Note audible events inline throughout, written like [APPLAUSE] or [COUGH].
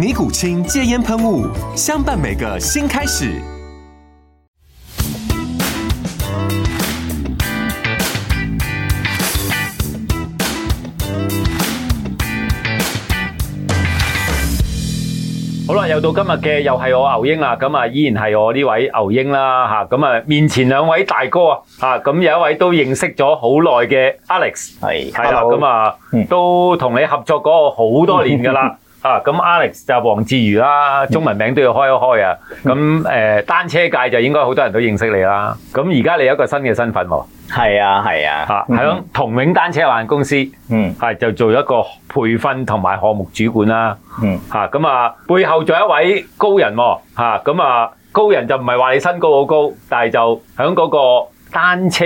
尼古清戒煙噴霧，相伴每個新開始。好啦，又到今日嘅又係我牛英啦，咁啊依然係我呢位牛英啦，吓咁啊面前兩位大哥啊，吓咁有一位都認識咗好耐嘅 Alex，係係啦，咁 [NOISE] 啊樂都同你合作過好多年噶啦。 [LAUGHS] 啊，咁 Alex 就黃志如啦，嗯、中文名都要開一開啊！咁誒、呃，單車界就應該好多人都認識你啦。咁而家你有一個新嘅身份喎，係啊係啊，吓喺、啊啊、同榮單車有限公司，嗯、啊，係就做一個培訓同埋項目主管啦，嗯、啊，吓咁啊背後仲有一位高人、啊，吓咁啊，啊高人就唔係話你身高好高，但係就喺嗰個單車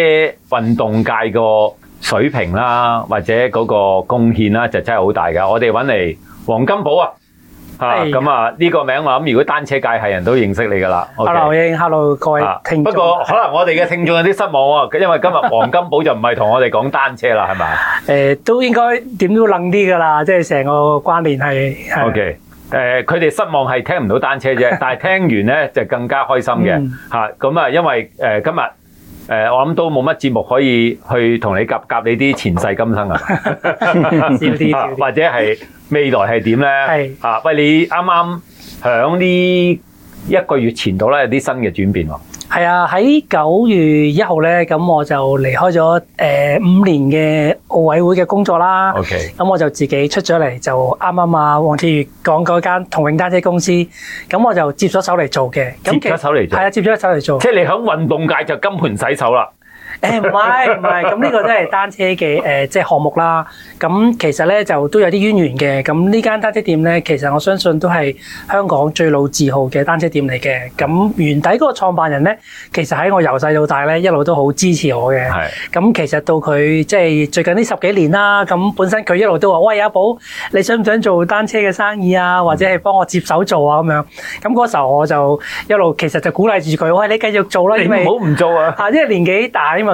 運動界個水平啦，或者嗰個貢獻啦，就真係好大噶。我哋搵嚟。黃金寶啊，吓咁啊呢、啊這個名我諗，如果單車界係人都認識你噶啦。Hello，英、okay，Hello 各位聽眾、啊。不過可能我哋嘅聽眾有啲失望啊， [LAUGHS] 因為今日黃金寶就唔係同我哋講單車啦，係咪誒？都應該點都冷啲噶啦，即係成個關聯係。O K，誒，佢、okay, 哋、啊、失望係聽唔到單車啫， [LAUGHS] 但係聽完咧就更加開心嘅吓。咁、嗯、啊，因為誒、呃、今日，誒、呃，我諗都冇乜節目可以去同你夾夾你啲前世今生啊，啲， [LAUGHS] 或者係未來係點咧？啊，喂，你啱啱響呢一個月前度咧有啲新嘅轉變喎。係啊，喺九月一號呢，咁我就離開咗誒五年嘅奧委會嘅工作啦。咁、okay. 我就自己出咗嚟，就啱啱啊，黃志如講嗰間同榮單車公司，咁我就接咗手嚟做嘅。接咗手嚟做，係啊，接咗手嚟做。即係你喺運動界就金盆洗手啦。唔係唔係，咁呢個都係單車嘅誒，即係項目啦。咁其實呢，就都有啲淵源嘅。咁呢間單車店呢，其實我相信都係香港最老字號嘅單車店嚟嘅。咁原底嗰個創辦人呢，其實喺我由細到大呢，一路都好支持我嘅。係。咁其實到佢即係最近呢十幾年啦，咁本身佢一路都話：喂，阿寶，你想唔想做單車嘅生意啊？或者係幫我接手做啊？咁樣。咁嗰時候我就一路其實就鼓勵住佢：，喂，你繼續做啦。你唔好唔做啊！啊，因為年紀大啊嘛。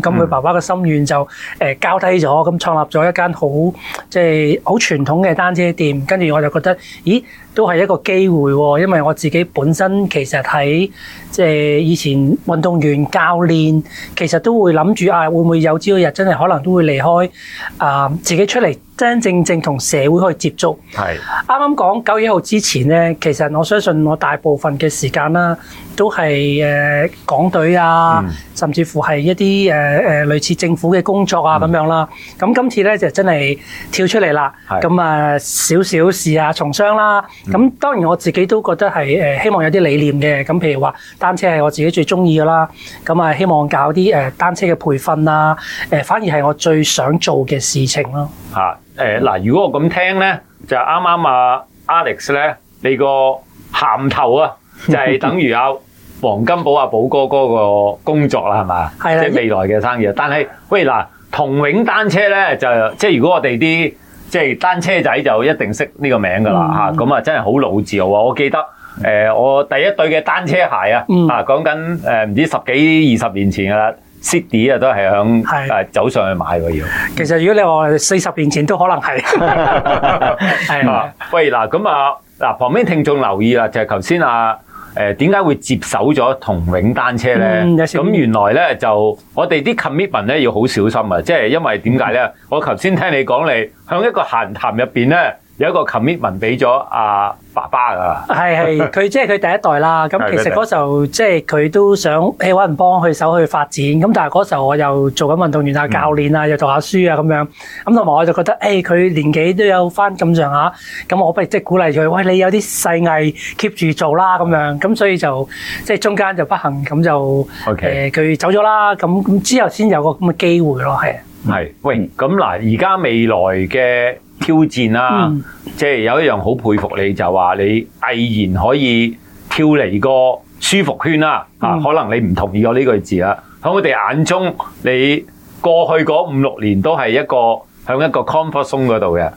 咁佢爸爸嘅心願就交低咗，咁、嗯、創立咗一間好即係好傳統嘅單車店，跟住我就覺得，咦？都係一個機會喎，因為我自己本身其實喺即係以前運動員、教練，其實都會諗住啊，會唔會有朝一日真係可能都會離開啊、呃，自己出嚟真正正同社會去接觸。啱啱講九月一號之前呢，其實我相信我大部分嘅時間啦，都係港隊啊，嗯、甚至乎係一啲誒誒類似政府嘅工作啊咁樣啦。咁、嗯、今次呢，就真係跳出嚟啦。咁啊，少少事啊，從商啦、啊。咁當然我自己都覺得係希望有啲理念嘅咁，譬如話單車係我自己最中意嘅啦，咁啊希望搞啲誒單車嘅培訓啦，反而係我最想做嘅事情咯。嗱、啊呃，如果我咁聽咧，就啱啱啊 Alex 咧，你個銜頭啊，就係等於阿、啊、黃金寶 [LAUGHS] 啊寶哥嗰個工作啦，係嘛？係咧。即、就、係、係、未來嘅生意。但係喂嗱、啊，同榮單車咧就即係如果我哋啲。即係單車仔就一定識呢個名㗎啦，咁啊真係好老字號啊！我，我記得誒、呃，我第一對嘅單車鞋啊，嗯、啊講緊誒唔知十幾二十年前㗎啦、嗯、，City 都啊都係響誒走上去買㗎要。其實如果你話四十年前都可能係 [LAUGHS] [LAUGHS] 啊。喂嗱咁啊嗱，旁邊聽眾留意、就係、啊，就係頭先啊。誒點解會接手咗同榮單車呢？咁、嗯就是、原來呢，就我哋啲 commitment、就是、為為呢，要好小心啊！即係因為點解呢？我頭先聽你講，你向一個閒談入面呢，有一個 commitment 俾咗阿爸爸噶，係係佢即係佢第一代啦。咁其實嗰時候即係佢都想，誒揾人幫佢手去發展。咁但係嗰時候我又做緊運動員啊、教練啊，又讀下書啊咁樣。咁同埋我就覺得，誒佢年紀都有翻咁上下，咁我不如即係鼓勵佢，喂，你有啲細藝 keep 住做啦咁樣。咁所以就即係中間就不幸咁就誒佢走咗啦。咁咁之後先有個咁嘅機會咯，係係喂，咁嗱，而家未來嘅。挑戰啦，即係有一樣好佩服你，就話你毅然可以跳離個舒服圈啦。啊、嗯，可能你唔同意過我呢句字啦。喺我哋眼中，你過去嗰五六年都係一個喺一個 comfort zone 嗰度嘅。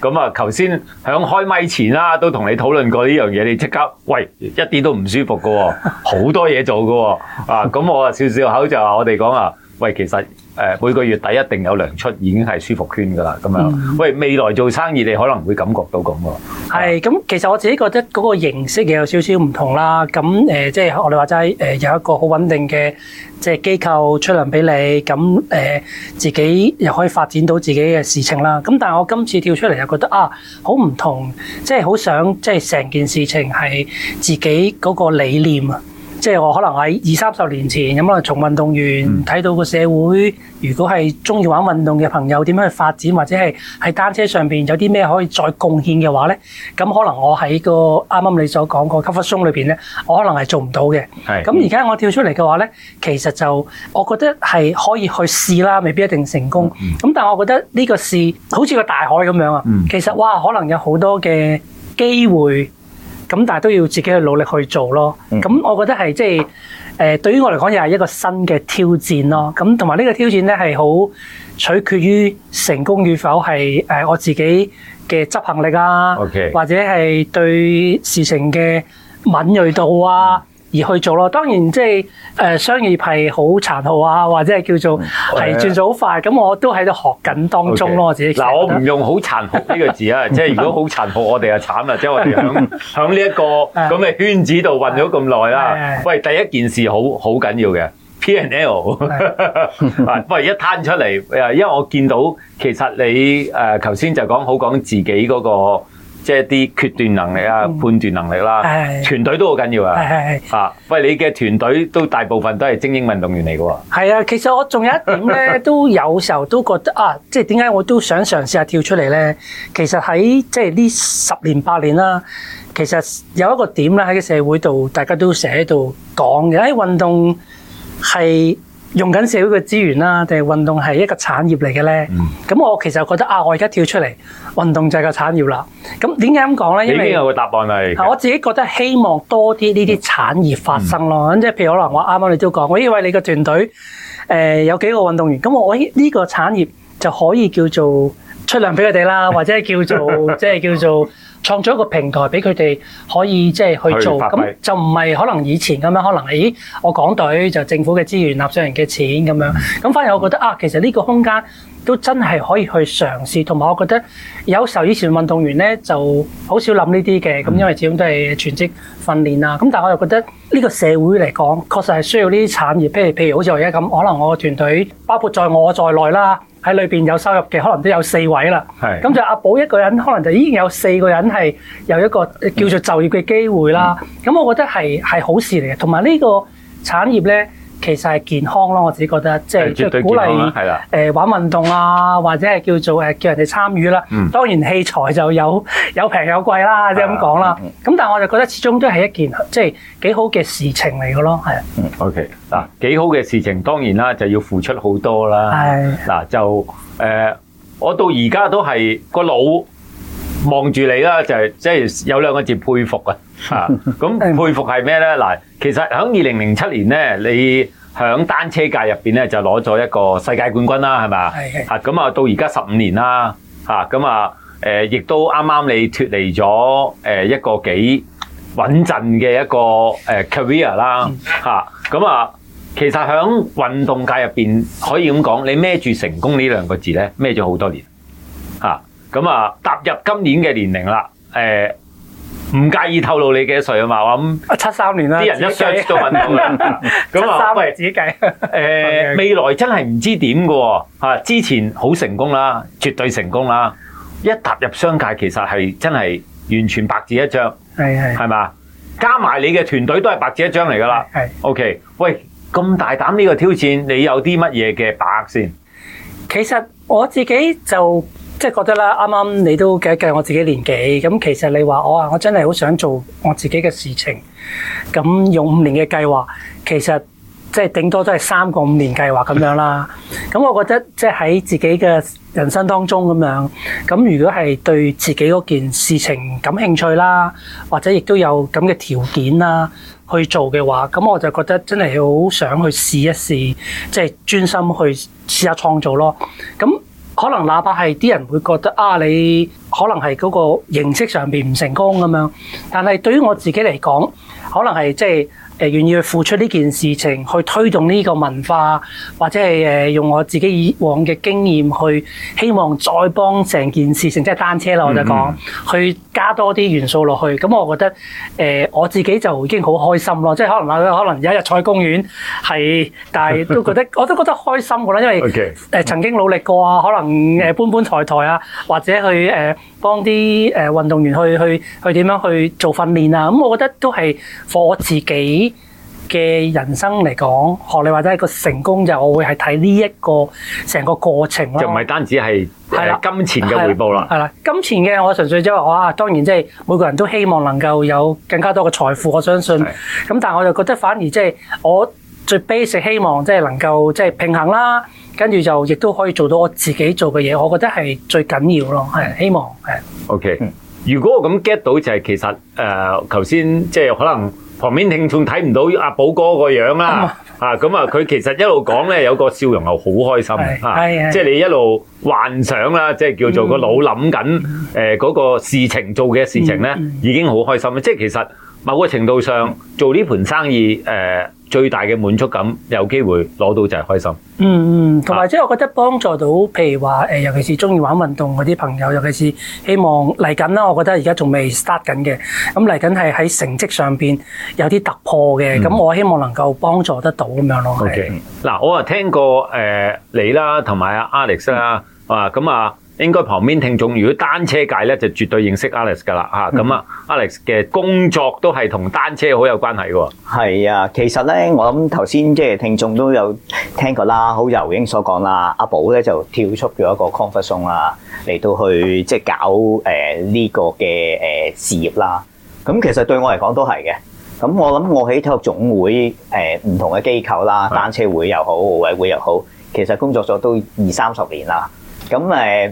咁啊，頭先喺開咪前啦，都同你討論過呢樣嘢。你即刻，喂，一啲都唔舒服噶，好 [LAUGHS] 多嘢做噶。啊，咁我啊笑笑口就話我哋講啊，喂，其實。誒，每個月底一定有糧出，已經係舒服圈㗎喇。咁樣，嗯、喂，未來做生意，你可能會感覺到咁喎。係，咁其實我自己覺得嗰個形式又有少少唔同啦。咁誒、呃，即係我哋話齋誒，有一個好穩定嘅即係機構出糧畀你。咁誒、呃，自己又可以發展到自己嘅事情啦。咁但係我今次跳出嚟又覺得啊，好唔同，即係好想即係成件事情係自己嗰個理念啊。即係我可能喺二三十年前咁啊，從運動員睇到個社會。如果係中意玩運動嘅朋友，點樣去發展或者係喺單車上邊有啲咩可以再貢獻嘅話咧？咁可能我喺個啱啱你所講個 comfort zone 裏邊咧，我可能係做唔到嘅。咁而家我跳出嚟嘅話咧，其實就我覺得係可以去試啦，未必一定成功。咁但係我覺得呢個試好似個大海咁樣啊，其實哇，可能有好多嘅機會。咁但係都要自己去努力去做咯。咁、嗯、我覺得係即係誒對於我嚟講又係一個新嘅挑戰咯。咁同埋呢個挑戰咧係好取決於成功與否係誒我自己嘅執行力啊，Okay. 或者係對事情嘅敏鋭度啊。嗯而去做咯，當然即、就、係、是呃、商業係好殘酷啊，或者係叫做係轉數好快，咁、嗯嗯、我都喺度學緊當中咯、嗯，我自己覺得。嗱、okay，我唔用好殘酷呢個字啊， [LAUGHS] 即係如果好殘酷我就， [LAUGHS] 我哋啊慘啦，即係我哋響響呢一個咁嘅圈子度混咗咁耐啦。 [LAUGHS] 喂，第一件事好好緊要嘅，P&L，喂 [LAUGHS] 是 [LAUGHS] 一攤出嚟誒，因為我見到其實你誒頭先就講好講自己嗰、那個。即係啲決斷能力啊、判斷能力啦，團隊都好緊要啊！啊，喂！你嘅團隊都大部分都係精英運動員嚟嘅喎。係啊，其實我仲有一點咧，都有時候都覺得啊，即係點解我都想嘗試下跳出嚟咧？其實喺即係呢十年八年啦，其實有一個點咧喺個社會度，大家都成日喺度講嘅，喺運動係，用緊社會嘅資源啦，定係運動係一個產業嚟嘅咧。咁、嗯、我其實覺得啊，我而家跳出嚟，運動就係個產業啦。咁點解咁講咧？因為呢個答案啦。我自己覺得希望多啲呢啲產業發生咯。即係譬如可能我啱啱你都講，我以為你個團隊誒有幾個運動員，咁我我呢個產業就可以叫做出糧俾佢哋啦，或者叫做即係 [LAUGHS] 叫做。創造一個平台俾佢哋可以即係去做，咁就唔係可能以前咁樣，可能係、哎、我港隊就政府嘅資源、納稅人嘅錢咁樣。咁反而我覺得啊，其實呢個空間都真係可以去嘗試，同埋我覺得有時候以前運動員咧就好少諗呢啲嘅，咁因為始終都係全職訓練啦。咁、嗯、但我又覺得呢個社會嚟講，確實係需要呢啲產業，譬如譬如好似我而家咁，可能我嘅團隊包括在我在內啦。喺裏面有收入嘅，可能都有四位啦。咁就阿寶一個人，可能就已經有四個人係有一個叫做就業嘅機會啦。咁我覺得係係好事嚟嘅，同埋呢個產業呢。其實係健康咯，我自己覺得即係、即係、鼓勵誒、呃、玩運動啊，或者係叫做誒叫人哋參與啦。當然器材就有有平有貴啦，即係咁講啦。咁、嗯、但係我就覺得始終都係一件即係幾好嘅事情嚟嘅咯，係。嗯，OK 嗱，幾、啊、好嘅事情當然啦，就要付出好多啦。係嗱、啊，就誒、呃，我到而家都係個腦望住你啦，就係即係有兩個字佩服啊！咁、 [LAUGHS] 啊、佩服係咩咧？嗱，其實喺二零零七年咧，你響單車界入邊咧就攞咗一個世界冠軍啦，係咪？係係。吓咁啊，到而家十五年啦，吓咁啊，誒、啊，亦都啱啱你脫離咗誒一個幾穩陣嘅一個誒 career 啦，吓、啊、咁啊，其實響運動界入邊可以咁講，你孭住成功呢兩個字咧，孭咗好多年，吓、啊、咁啊，踏入今年嘅年齡啦，誒、啊。唔介意透露你幾多歲啊嘛，咁七三年啦，啲人一上市都揾到啦。咁七三為止計。誒，未來真係唔知點㗎喎。之前好成功啦，絕對成功啦。一踏入商界，其實係真係完全白紙一張。係係？係嘛？加埋你嘅團隊都係白紙一張嚟噶啦。係。OK，喂，咁大膽呢個挑戰，你有啲乜嘢嘅把握先？其實我自己就。即係覺得啦，啱啱你都計一計我自己年紀，咁其實你話我啊，我真係好想做我自己嘅事情。咁用五年嘅計劃，其實即係頂多都係三個五年計劃咁樣啦。咁我覺得即係喺自己嘅人生當中咁樣，咁如果係對自己嗰件事情感興趣啦，或者亦都有咁嘅條件啦去做嘅話，咁我就覺得真係好想去試一試，即係專心去試下創造咯。咁。可能哪怕係啲人會覺得啊，你可能係嗰個形式上面唔成功咁樣，但係對於我自己嚟講，可能係即係。誒願意去付出呢件事情，去推動呢個文化，或者係誒用我自己以往嘅經驗去，希望再幫成件事情，成即係單車啦，我就講、嗯嗯、去加多啲元素落去。咁我覺得誒、呃、我自己就已經好開心咯。即係可能啊，可能有一日坐喺公園係，但係都覺得 [LAUGHS] 我都覺得開心嘅啦，因為誒曾經努力過啊，可能誒搬搬抬抬啊，或者去誒、呃、幫啲誒運動員去去去點樣去做訓練啊。咁我覺得都係我自己嘅人生嚟講，學你或者一個成功就，我會係睇呢一個成個過程啦。就唔係單止係係金錢嘅回報啦。係啦，金錢嘅我純粹即係話，哇，當然即係每個人都希望能夠有更加多嘅財富，我相信。咁但係我就覺得反而即係我最 basic 希望即係能夠即係平衡啦，跟住就亦都可以做到我自己做嘅嘢，我覺得係最緊要咯。係希望係。Okay. 嗯如果我咁 get 到就係、是、其實誒，頭、呃、先即係可能旁邊聽眾睇唔到阿寶哥個樣啦，嗯、啊咁啊，佢其實一路講呢，有個笑容係好開心吓、啊，即係你一路幻想啦，即係叫做個腦諗緊誒嗰個事情做嘅事情呢，已經好開心，即係其實某個程度上，做呢盤生意誒。呃最大嘅滿足感，有機會攞到就係開心。嗯嗯，同埋即係我覺得幫助到，譬如話誒尤其是鍾意玩運動嗰啲朋友，尤其是希望嚟緊啦，我覺得而家仲未 start 緊嘅，咁嚟緊係喺成績上面有啲突破嘅，咁、嗯、我希望能夠幫助得到咁樣咯。O K，嗱我啊聽過誒你啦，同埋阿 Alex 啦、嗯，啊咁啊。應該旁邊聽眾，如果單車界咧，就絕對認識 Alex 噶啦嚇。咁啊，Alex 嘅工作都係同單車好有關係喎。係啊，其實咧，我諗頭先即係聽眾都有聽過啦，好由英所講啦。阿寶咧就跳出咗一個 comfort zone 啦，嚟到去即係、就是、搞誒呢、呃這個嘅誒事業啦。咁其實對我嚟講都係嘅。咁我諗我喺體育總會誒唔、呃、同嘅機構啦，單車會又好，奧委會又好，其實工作咗都二三十年啦。咁誒。呃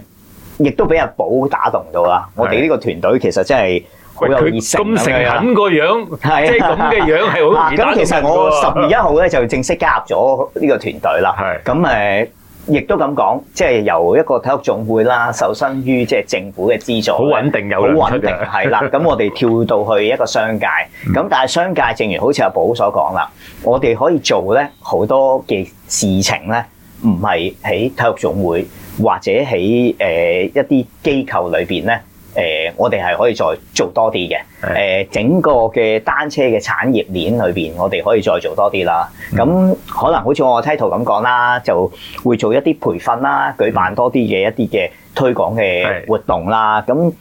亦都俾阿寶打動到啦！我哋呢個團隊其實真係好有熱誠咁成咁個樣個、就是、樣，樣，即係咁嘅樣係好熱。咁其實我十月一號咧就正式加入咗呢個團隊啦。咁誒、呃，亦都咁講，即係由一個體育總會啦，受身於即係政府嘅資助，好穩，穩定，有好穩定係啦。咁 [LAUGHS] 我哋跳到去一個商界，咁 [LAUGHS] 但係商界正如好似阿寶所講啦，我哋可以做咧好多嘅事情咧，唔係喺體育總會。或者喺誒一啲機構裏邊咧，誒我哋係可以再做多啲嘅，誒整個嘅單車嘅產業鏈裏邊，我哋可以再做多啲啦。咁可能好似我個 title 咁講啦，就會做一啲培訓啦，舉辦多啲嘅一啲嘅推廣嘅活動啦。咁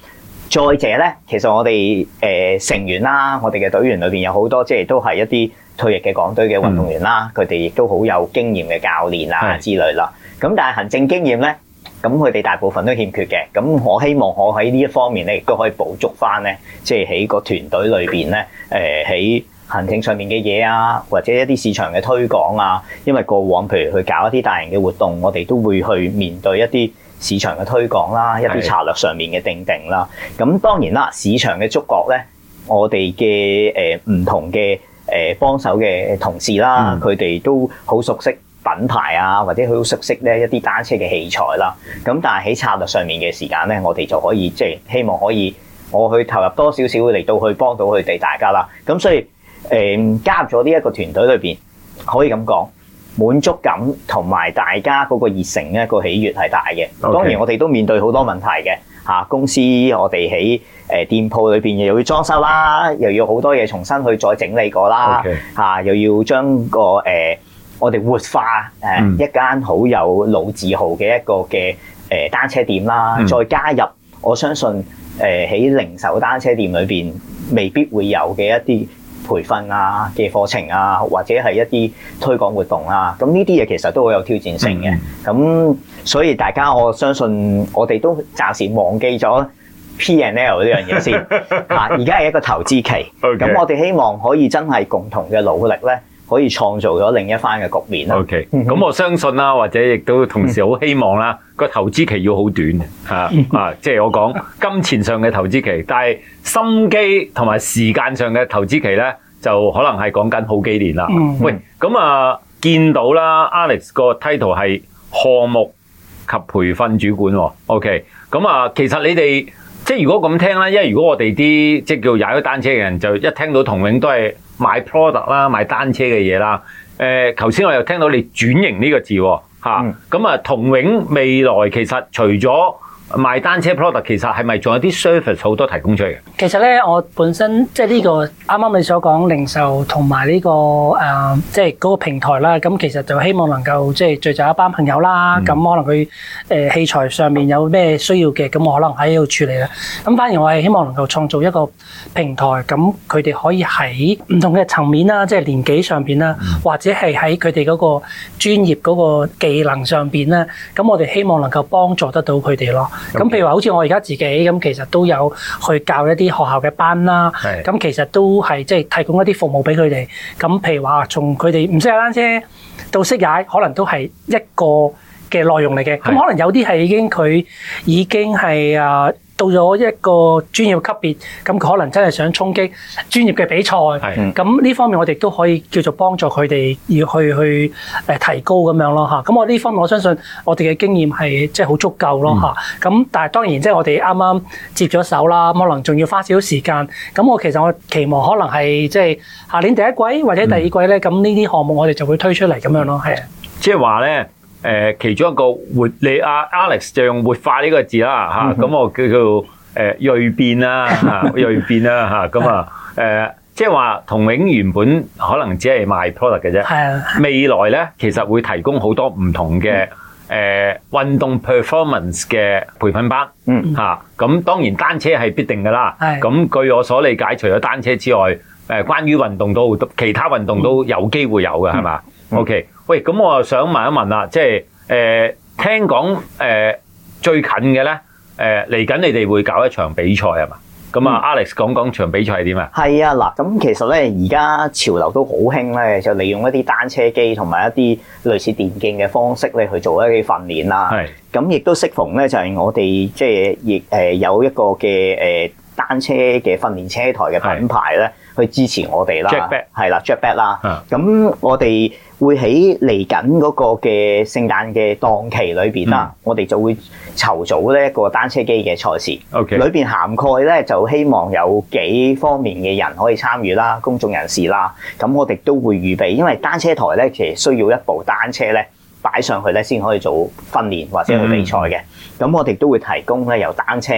再者咧，其實我哋誒成員啦，我哋嘅隊員裏邊有好多，即係都係一啲退役嘅港隊嘅運動員啦，佢哋亦都好有經驗嘅教練啦之類啦。咁但係行政經驗咧？咁佢哋大部分都欠缺嘅，咁我希望我喺呢一方面咧亦都可以補足翻咧，即係喺個團隊裏邊咧，誒、呃，喺行政上面嘅嘢啊，或者一啲市場嘅推廣啊，因為過往譬如去搞一啲大型嘅活動，我哋都會去面對一啲市場嘅推廣啦，一啲策略上面嘅定定啦。咁當然啦，市場嘅觸覺咧，我哋嘅誒唔同嘅誒幫手嘅同事啦，佢、嗯、哋都好熟悉。品牌啊，或者佢好熟悉呢一啲單車嘅器材啦。咁但係喺策略上面嘅時間咧，我哋就可以即係希望可以，我去投入多少少嚟到去幫到佢哋大家啦。咁所以誒、嗯，加入咗呢一個團隊裏邊，可以咁講滿足感同埋大家嗰個熱誠呢一個喜悅係大嘅。Okay. 當然我哋都面對好多問題嘅吓，公司我哋喺誒店鋪裏邊又要裝修啦，又要好多嘢重新去再整理過啦吓，Okay. 又要將個誒。呃我哋活化誒一間好有老字號嘅一個嘅誒單車店啦、嗯，再加入我相信誒喺零售單車店裏面未必會有嘅一啲培訓啊嘅課程啊，或者係一啲推廣活動啊，咁呢啲嘢其實都好有挑戰性嘅。咁、嗯、所以大家我相信我哋都暫時忘記咗 P and L 呢樣嘢先。而家係一個投資期，咁、okay. 我哋希望可以真係共同嘅努力咧。可以創造咗另一番嘅局面啦。OK，咁我相信啦，或者亦都同時好希望啦。個 [LAUGHS] 投資期要好短 [LAUGHS] 啊，即係我講金錢上嘅投資期，但係心機同埋時間上嘅投資期咧，就可能係講緊好幾年啦。 [LAUGHS] 喂，咁啊，見到啦，Alex 個 title 係項目及培訓主管。啊、OK，咁啊，其實你哋即係如果咁聽啦，因為如果我哋啲即叫踩單車嘅人，就一聽到同榮都係。買 product 啦，買單車嘅嘢啦。呃，頭先我又聽到你轉型呢個字喎，咁、嗯、啊，同榮未來其實除咗。賣單車 product 其實係咪仲有啲 service 好多提供出嚟嘅？其實咧，我本身即係、這、呢個啱啱你所講零售同埋呢個誒，即係嗰個平台啦。咁其實就希望能夠即係聚集一班朋友啦。咁、嗯、可能佢誒、呃、器材上面有咩需要嘅，咁我可能喺度處理啦。咁反而我係希望能夠創造一個平台，咁佢哋可以喺唔同嘅層面啦，嗯、即係年紀上邊啦，或者係喺佢哋嗰個專業嗰個技能上邊啦。咁我哋希望能夠幫助得到佢哋咯。咁譬如話，好似我而家自己咁，其實都有去教一啲學校嘅班啦。咁其實都係即係提供一啲服務俾佢哋。咁譬如話，從佢哋唔識踩單車到識踩，可能都係一個嘅內容嚟嘅。咁可能有啲係已經佢已經係啊到咗一個專業級別，咁佢可能真係想衝擊專業嘅比賽。咁呢、嗯、方面我哋都可以叫做幫助佢哋要去去誒提高咁樣咯嚇。咁我呢方面我相信我哋嘅經驗係即係好足夠咯嚇。咁、嗯、但係當然即係我哋啱啱接咗手啦，可能仲要花少少時間。咁我其實我期望可能係即係下年第一季或者第二季咧，咁呢啲項目我哋就會推出嚟咁樣咯，係啊。即係話咧。誒，其中一個活你阿、啊、Alex 就用活化呢個字啦，吓、嗯、咁我叫做誒銳變啦，吓銳變啦，吓咁啊，誒即係話同榮原本可能只係賣 product 嘅啫，係未來咧，其實會提供好多唔同嘅誒運動 performance 嘅培訓班，嗯吓咁、啊、當然單車係必定噶啦，係咁據我所理解，除咗單車之外，誒、呃、關於運動都其他運動都有機會有嘅係嘛？OK。喂，咁我又想問一問啦，即係誒聽講誒、呃、最近嘅咧誒嚟緊，呃、你哋會搞一場比賽係嘛？咁啊、嗯、Alex 講講場比賽係點啊？係啊，嗱，咁其實咧而家潮流都好興咧，就利用一啲單車機同埋一啲類似電競嘅方式咧去做一啲訓練啦。係。咁亦都適逢咧，就係、係、我哋即係亦誒有一個嘅誒單車嘅訓練車台嘅品牌咧。去支持我哋啦，係啦 jacket 啦，咁、uh, 我哋會喺嚟緊嗰個嘅聖誕嘅檔期裏邊啦，uh, 我哋就會籌組呢一個單車機嘅賽事，okay, 裏邊涵蓋咧，就希望有幾方面嘅人可以參與啦，公眾人士啦，咁我哋都會預備，因為單車台咧其實需要一部單車咧擺上去咧先可以做訓練或者去比賽嘅，咁、uh, 我哋都會提供咧有單車。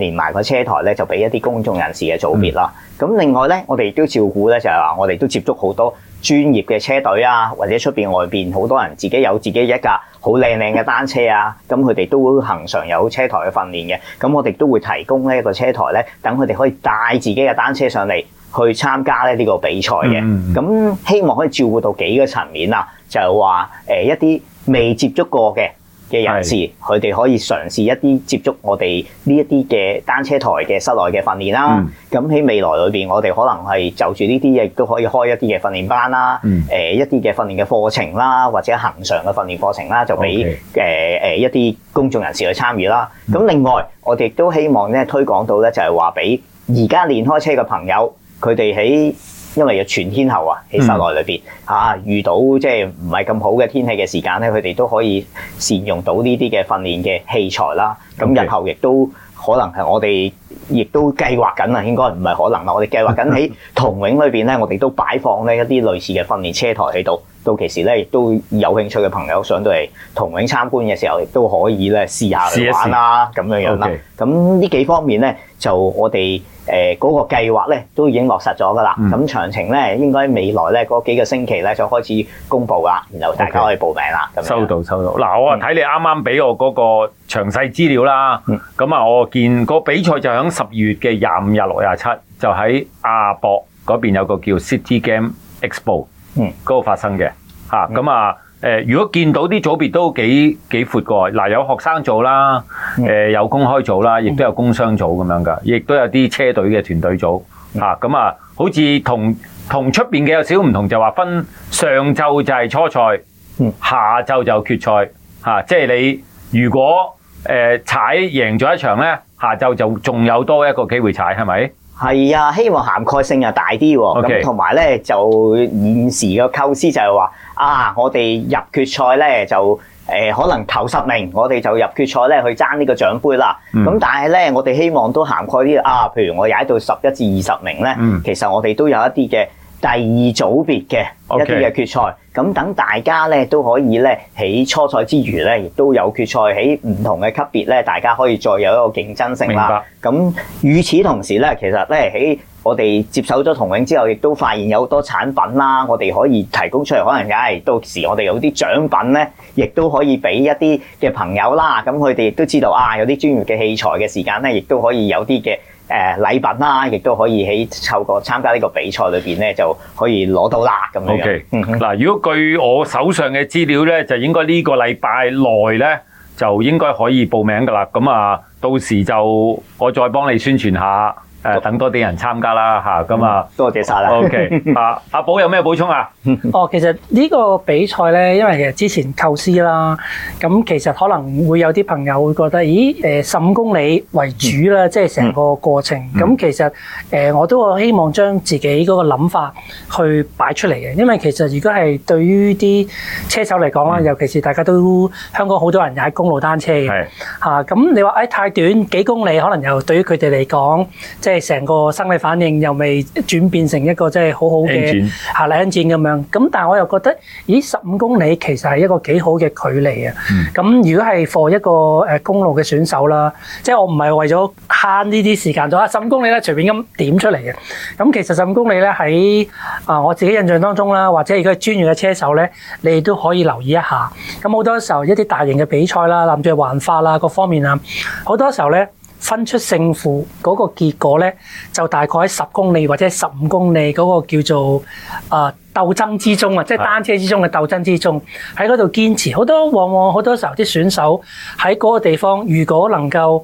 連埋個車台咧，就俾一啲公眾人士嘅組別啦。咁另外咧，我哋亦都照顧咧，就係話我哋都接觸好多專業嘅車隊啊，或者出面外面好多人自己有自己一架好靚靚嘅單車啊。咁佢哋都會恆常有車台去訓練嘅。咁我哋都會提供呢個車台咧，等佢哋可以帶自己嘅單車上嚟去參加呢個比賽嘅。咁希望可以照顧到幾個層面啦，就係話誒一啲未接觸過嘅嘅人士，佢哋可以嘗試一啲接觸我哋呢一啲嘅單車台嘅室內嘅訓練啦。咁、嗯、喺未來裏邊，我哋可能係就住呢啲嘢都可以開一啲嘅訓練班啦。誒、嗯呃、一啲嘅訓練嘅課程啦，或者恒常嘅訓練課程啦，就俾誒誒一啲公眾人士去參與啦。咁、嗯、另外，我哋亦都希望咧推廣到咧，就係話俾而家練開車嘅朋友，佢哋喺。因為又全天候啊，喺室內裏面，嗯、遇到即係唔係咁好嘅天氣嘅時間呢，佢哋都可以善用到呢啲嘅訓練嘅器材啦。咁日後亦都可能係我哋。亦都計劃緊啦，應該唔係可能啦。我哋計劃緊喺同榮裏面咧，我哋都擺放呢一啲類似嘅訓練車台喺度。到其時咧，亦都有興趣嘅朋友上到嚟同榮參觀嘅時候，亦都可以咧試下嚟玩啦、啊、咁樣樣啦。咁、okay，呢幾方面咧，就我哋嗰、呃那個計劃咧，都已經落實咗㗎啦。咁、嗯、詳情咧，應該未來咧嗰幾個星期咧，就開始公佈啦。然後大家可以報名啦、okay。收到，收到。嗱，我睇你啱啱俾我嗰個詳細資料啦。咁、嗯、啊，我見個比賽就係。等十二月嘅廿五、廿六、廿七，就喺阿博嗰邊有個叫 City Game Expo，嗯，嗰個發生嘅，吓咁啊，誒，如果見到啲組別都幾幾闊過，嗱，有學生組啦，誒，有公開組啦，亦都有工商組咁樣㗎，亦都有啲車隊嘅團隊組，吓咁啊，好似同同出面嘅有少唔同，就話分上晝就係初賽，嗯，下晝就決賽，吓，即係你如果誒踩贏咗一場咧。下晝就仲有多一個機會踩係咪？係啊，希望涵蓋性又大啲喎。咁同埋咧就現時嘅構思就係話啊，我哋入決賽咧就誒、呃、可能頭十名，我哋就入決賽咧去爭呢個獎杯啦。咁、mm. 但係咧，我哋希望都涵蓋啲啊，譬如我踩到十一至二十名咧，mm. 其實我哋都有一啲嘅。第二組別嘅一啲嘅決賽，咁、okay. 等大家咧都可以咧喺初賽之餘咧，亦都有決賽喺唔同嘅級別咧，大家可以再有一個競爭性啦。明白。咁，與此同時咧，其實咧喺我哋接手咗同榮之後，亦都發現有好多產品啦，我哋可以提供出嚟，可能梗係，到時我哋有啲獎品咧，亦都可以俾一啲嘅朋友啦。咁佢哋亦都知道啊，有啲專業嘅器材嘅時間咧，亦都可以有啲嘅。誒、呃、禮品啦，亦都可以喺透過參加呢個比賽裏面咧，就可以攞到啦，咁 O K，嗱，如果據我手上嘅資料咧，就應該呢個禮拜內咧就應該可以報名㗎啦。咁啊，到時就我再幫你宣傳下。誒，等多啲人參加啦，咁、嗯、啊！多謝晒啦。O K，阿阿寶有咩補充啊？哦，其實呢個比賽呢，因為其實之前構思啦，咁其實可能會有啲朋友會覺得，咦？誒，十五公里為主啦、嗯，即係成個過程。咁、嗯嗯、其實我都希望將自己嗰個諗法去擺出嚟嘅，因為其實如果係對於啲車手嚟講啦，尤其是大家都香港好多人踩公路單車嘅，咁、嗯、你話誒太短幾公里，可能又對於佢哋嚟講即係成個生理反應又未轉變成一個即係好好嘅下拉伸轉咁樣，咁但係我又覺得，咦十五公里其實係一個幾好嘅距離啊。咁、嗯、如果係 for 一個誒公路嘅選手啦，即係我唔係為咗慳呢啲時間，咗啊十五公里咧隨便咁點出嚟嘅。咁其實十五公里咧喺啊我自己印象當中啦，或者如果係專業嘅車手咧，你都可以留意一下。咁好多時候一啲大型嘅比賽啦，諗住環法啦，各方面啊，好多時候咧。分出勝負嗰個結果呢，就大概喺十公里或者十五公里嗰個叫做啊鬥爭之中啊，即係單車之中嘅鬥爭之中，喺嗰度堅持。好多往往好多時候啲選手喺嗰個地方，如果能夠。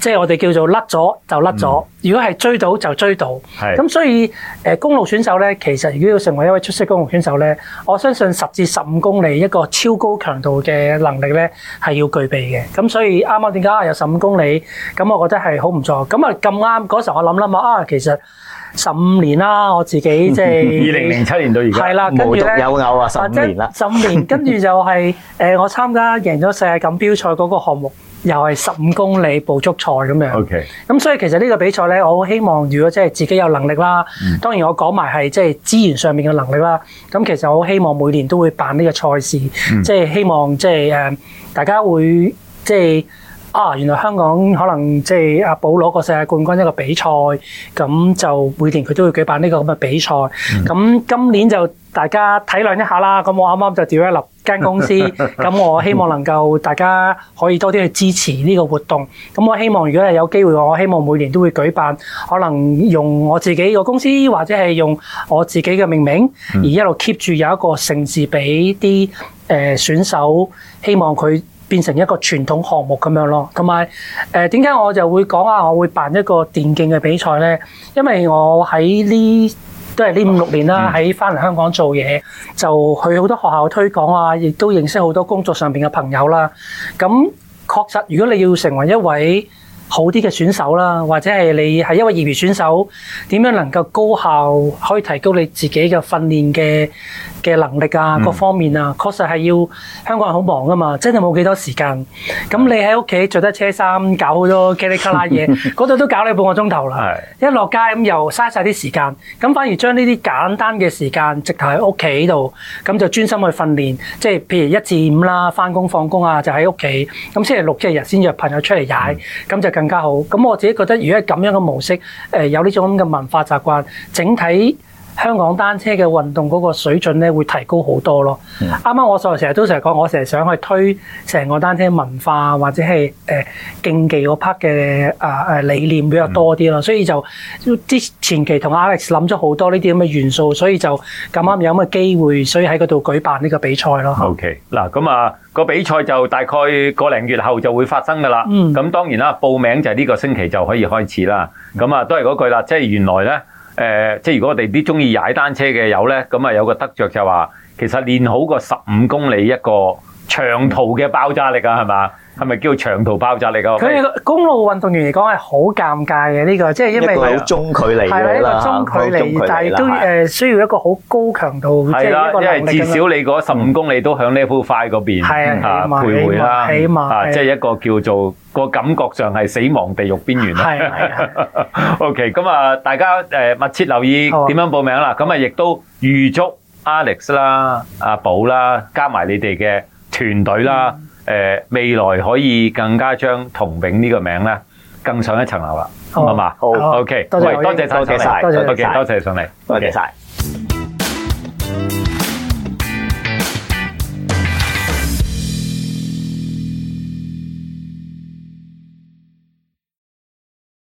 即係我哋叫做甩咗就甩咗，如果係追到就追到。咁所以誒公路選手咧，其實如果要成為一位出色公路選手咧，我相信十至十五公里一個超高強度嘅能力咧係要具備嘅。咁所以啱啱點解啊有十五公里？咁我覺得係好唔錯。咁啊咁啱嗰陣我諗諗下啊，其實十五年啦，我自己即係二零零七年到而家，係啦跟住，無獨有偶啊十五年啦。十五年跟住就係誒我參加贏咗世界錦標賽嗰個項目。又係十五公里捕捉賽咁樣，Okay。咁所以其實呢個比賽呢，我好希望如果即係自己有能力啦，當然我講埋係即係資源上面嘅能力啦。咁其實我好希望每年都會辦呢個賽事，即係希望即係誒大家會即係啊，原來香港可能即係阿寶攞過世界冠軍一個比賽，咁就每年佢都會舉辦呢個咁嘅比賽。咁今年就大家體諒一下啦。咁我啱啱就掉一粒。間 [LAUGHS] 公司咁，我希望能夠大家可以多啲去支持呢個活動。咁我希望如果係有機會，我希望每年都會舉辦，可能用我自己個公司或者係用我自己嘅命名，而一路 keep 住有一個盛事俾啲誒選手，希望佢變成一個傳統項目咁樣咯。同埋誒，點、呃、解我就會講啊？我會辦一個電競嘅比賽呢？因為我喺呢。都係呢五六年啦，喺返嚟香港做嘢，就去好多學校推廣啊，亦都認識好多工作上面嘅朋友啦。咁確實，如果你要成為一位，好啲嘅選手啦，或者係你係一位業餘選手，點樣能夠高效可以提高你自己嘅訓練嘅嘅能力啊？各方面啊，確實係要香港人好忙啊嘛，真係冇幾多時間。咁你喺屋企著得車衫，搞好多嘰裏噶喇嘢，嗰度都搞你半個鐘頭啦。一落街咁又嘥曬啲時間，咁反而將呢啲簡單嘅時間，直頭喺屋企度，咁就專心去訓練。即係譬如一至五啦，返工放工啊，就喺屋企。咁星期六、星期日先約朋友出嚟踩，咁就，更加好，咁我自己覺得，如果係咁樣嘅模式，誒有呢種咁嘅文化習慣，整體。香港單車嘅運動嗰個水準咧，會提高好多咯。啱、嗯、啱我成日都成日講，我成日想去推成個單車文化或者係誒競技嗰 part 嘅誒理念比較多啲咯。所以就之前期同 Alex 諗咗好多呢啲咁嘅元素，所以就咁啱有咁嘅機會，所以喺嗰度舉辦呢個比賽咯。OK，嗱咁啊，個比賽就大概個零月後就會發生噶啦。咁、嗯、當然啦，報名就係呢個星期就可以開始啦。咁啊，都係嗰句啦，即係原來咧。誒、呃，即係如果我哋啲鍾意踩單車嘅友咧，咁啊有個得着，就係話，其實練好個十五公里一個，長途嘅爆炸力啊，係嘛？係咪叫長途爆炸力啊？佢公路運動員嚟講係好尷尬嘅呢、呢個，即係因為好中距離啦，好中，中距離，但係都誒需要一個好高強度，即係一啦，因為至少你嗰十五公里都喺 level five 嗰邊，係、嗯、啊，徘徊啦，起碼，即係一個叫做個感覺上係死亡地獄邊緣。係係。O K，咁啊， [LAUGHS] okay, 大家誒密切留意點樣報名啦。咁啊，亦都預祝 Alex 啦、阿、啊、寶啦，加埋你哋嘅，團隊啦，誒未來可以更加將同榮呢個名咧更上一層樓啦，係嘛？好，好 OK，好，喂，多謝曬，多謝曬，多謝多謝，多謝上嚟，多謝，okay, 多謝。